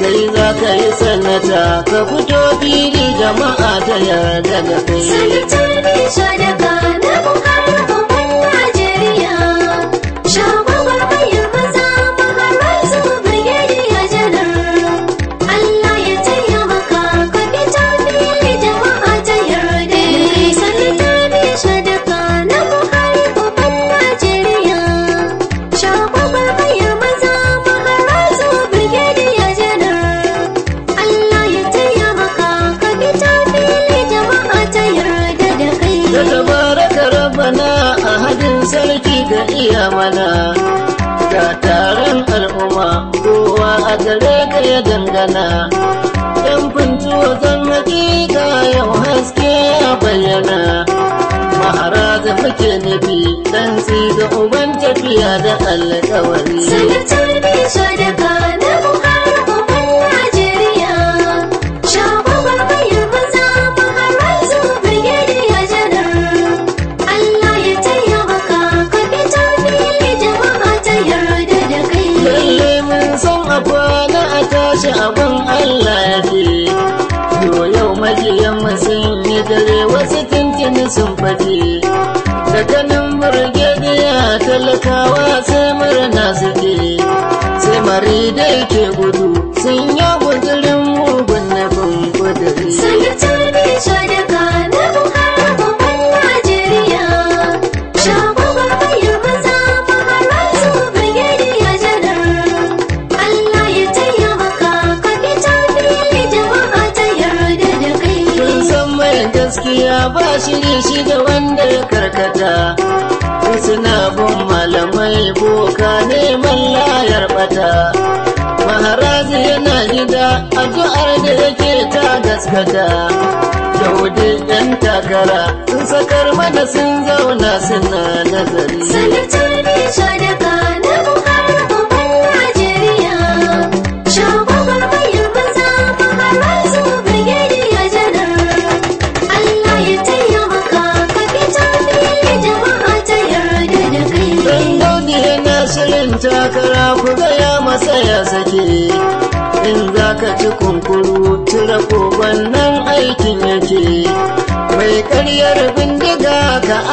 kai za ka yi sanata ka fito fili jama'a ta yarda da kai sanata ne shadaka na mukarrabin ya iya mana ga taron al'umma kowa a gare ka ya dangana yan fintuwa zan hakika yau haske ya bayyana mahara da muke nufi dan ga uban tafiya da alƙawari sanar da kana abin Allah ce yo yau majiyan sun yi dare wasu tuntuni sun fati tsakanin burgediya talakawa sai murna suke sai mari da yake gudu sun yi gudurin mugun da ri Sun yi ba ne shi da wanda ya karkata suna bin malamai boka neman layar bata maharazi yana gida addu'ar da yake ta gaskata yaudi yan takara sun sakar mana sun zauna suna nazari sanatar da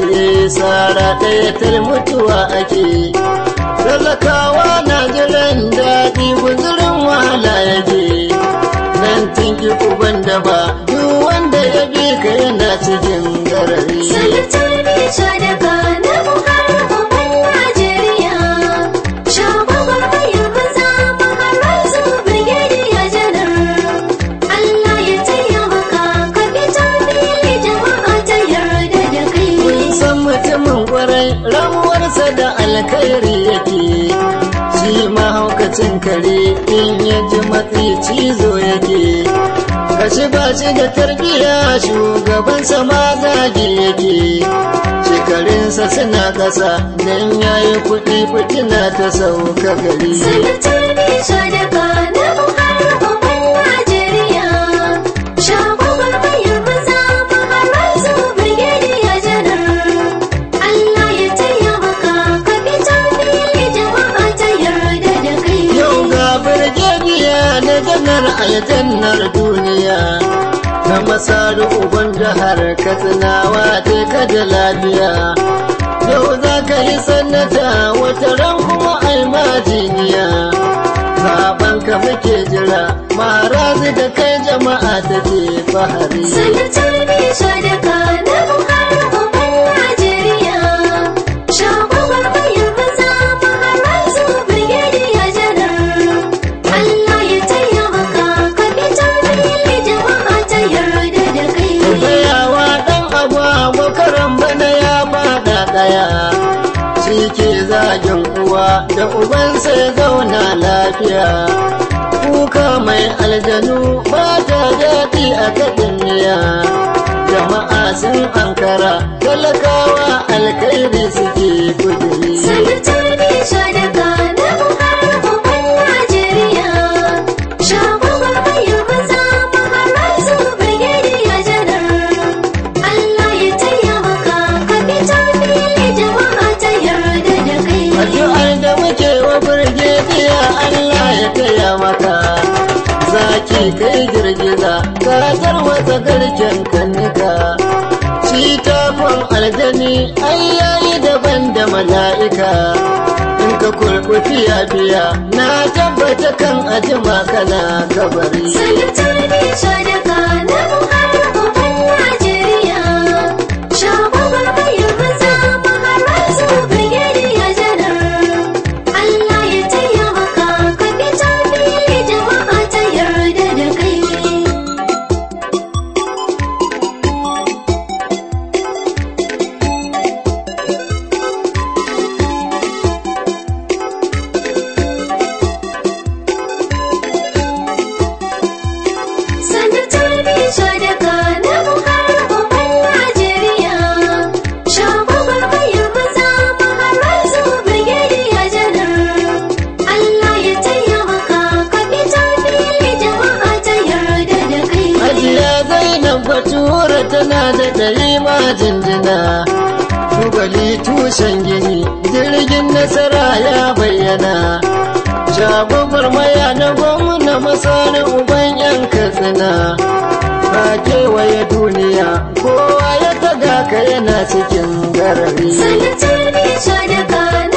ce sara ɗaya ta mutuwa ake talakawa na jiran daɗi guzurin wahala je nan tinki kuban da ba duk wanda ya bi ka yana cikin garari. da ba alkhairi yake shi mahaukacin kare in ya ji matsi cizo yake kashi ba shi da tarbiya shugabansa sama zage yake shekarunsa suna ƙasa don ya yayi kuɗi na ta sauka gari ya jannar duniya na masaru uban jihar katsinawa wa ta da lafiya yau za ka yi sanata wata ran kuma almajiniya zaben ka muke jira zai da kai jama'a ta ce fahari sanatar ne da na bukaru baya shi ke zagin uwa da uban sai zauna lafiya kuka mai aljanu ba ta daɗi a kaɗin miya jama'a sun ankara talakawa alkairi suke kuduri da garken kannika shi tafin aljani ai yayi daban da mala'ika in ka kurɓi ya biya na tabbata kan ajima kana kabari sai ta ne sadaka na gwali tushen gini jirgin nasara ya bayyana jagobar maya na na masana uban yan katsina ba kewaye duniya kowa ya taga ka yana cikin garari sanatar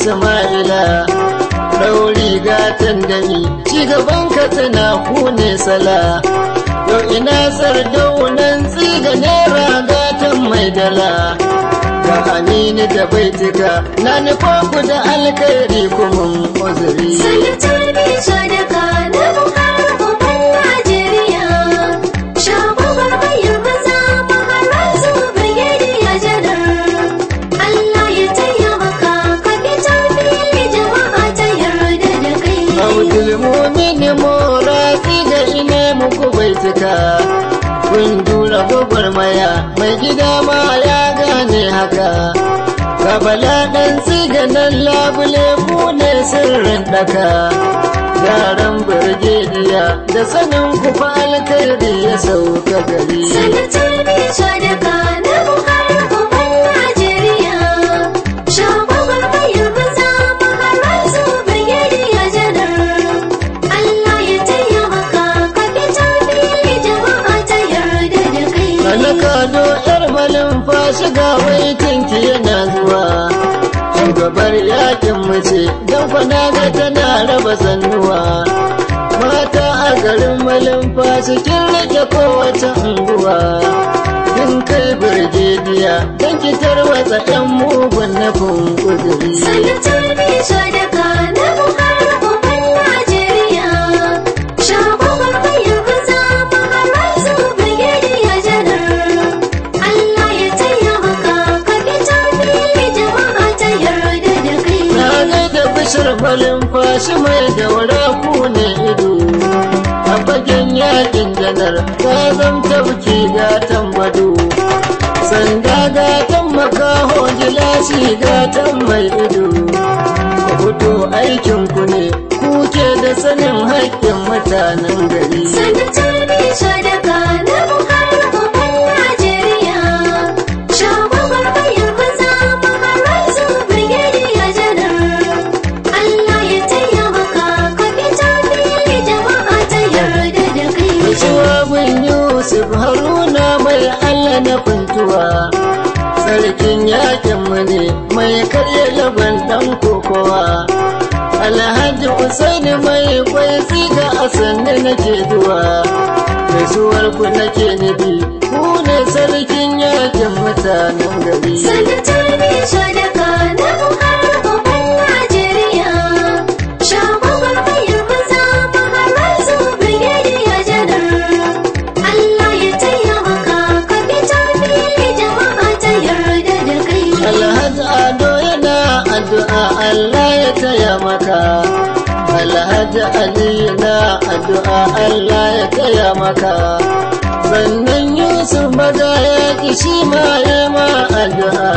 Ismaila ɗauri gatan da ci gaban ka tana kune sala yau ina sardaunan tsiga naira gatan mai dala ga amini da baitika na ni ku da alkhairi kuma uzuri. ji dama ya gane haka kabala ɗan siganan labule ku ne sirrin ɗaka yaran birgidiya da sanin kufa alkhairi ya sauka gari sanatar ne da numfashi ga waitinki yana zuwa shugabar yakin mace don ga tana raba zannuwa mata a garin malumfashi kin rage kowace unguwa kin kai birgidiya don ki tarwatsa 'yan mugun na kunguzuri numfashi mai daura ku ne ido a bagen yakin janar ta zan tabki gatan bado sanda gatan makaho gilashi gatan mai ido ku fito aikin ku ne kuke da sanin haƙƙin mutanen gari ta nisha sadaka na yusuf haruna mai allah na kwantuwa sarkin yakin ne mai karya laban dan kokowa alhaji usaini mai kwai siga a nake duwa gaisuwar ku nake nufi ku ne sarkin yakin mutanen gari addu'a Allah ya taya maka Alhaji Ali na addu'a Allah ya taya maka sannan Yusuf maza ya kishi ma ya ma addu'a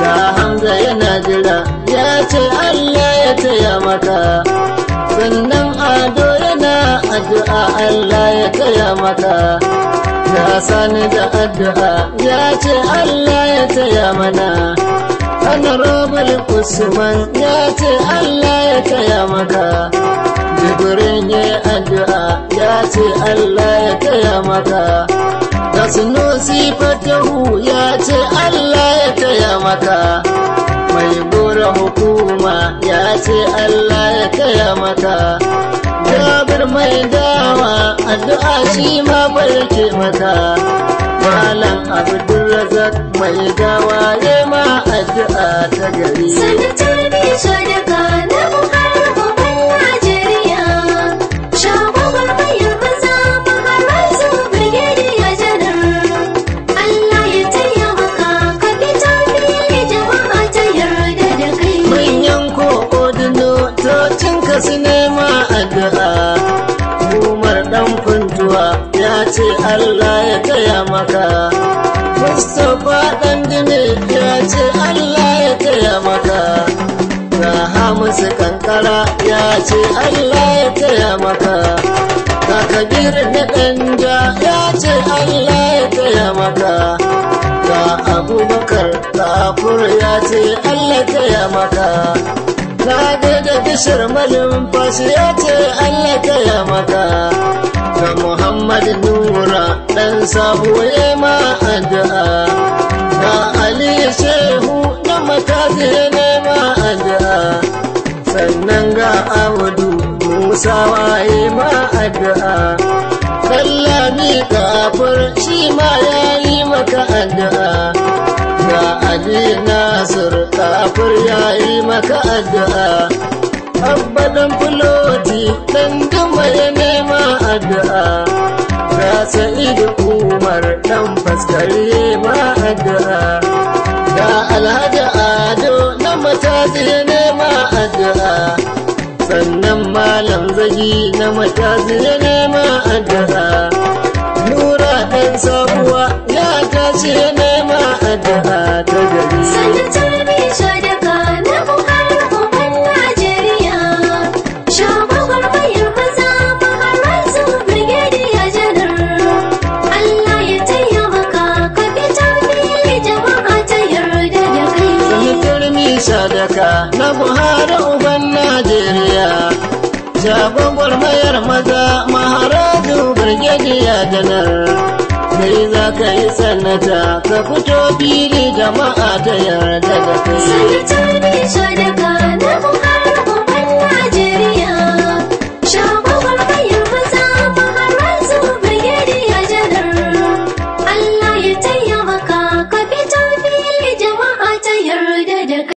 ta Hamza yana jira ya ce Allah ya taya maka sannan Ado yana addu'a Allah ya taya maka ya sani da addu'a ya ce Allah ya taya mana honorable usman ya ce allah ya taya maka jibrin ya addu'a ya ce allah ya taya maka da sunusi fatahu ya ce allah ya taya maka mai gora hukuma ya ce allah ya taya maka jabir mai dawa addu'a shima ma barke mata malam abdulrazak mai dawa ya ma addu'a ta gari sanin tarbi sadaka na bukatar babban najeriya shagwabar mayar banza bakarar su brigadiya janar allah ya taya maka ka bi tarbiyyar jama'a ta yarda da kai manyan koko dino tocin ka su ne maka Mustapha ɗan dini ya ce Allah ya taya maka Ga Hamisu kankara ya ce Allah ya taya maka Ga Kabir na ɗanja ya ce Allah ya taya maka Ga Abubakar kafur ya ce Allah ya taya maka rabi da bishir malumfashi ya ce Allah ya maka ga Muhammad Nura ɗan sabu ya ma addu'a ga Ali Shehu na makaji ya nema addu'a sannan ga Audu Musa waye ma addu'a Sallami kafir shi ma ya yi maka addu'a ga Ali Nasir kafir yi maka addu'a abbadan fuloti dan gama ya nema addu'a ga sa'idu umar dan faskare ma addu'a ga alhaji ado na matasi ya nema addu'a sannan malam zagi na matazi ya nema addu'a nura dan sabuwa ya tashi ya nema addu'a ta gari Shagon gwarmayar maza maharajin birgidiya janar Kai za ka yi sanata ka fito fili jama'a ta yarda da kai Sanata ne sadaka na buhari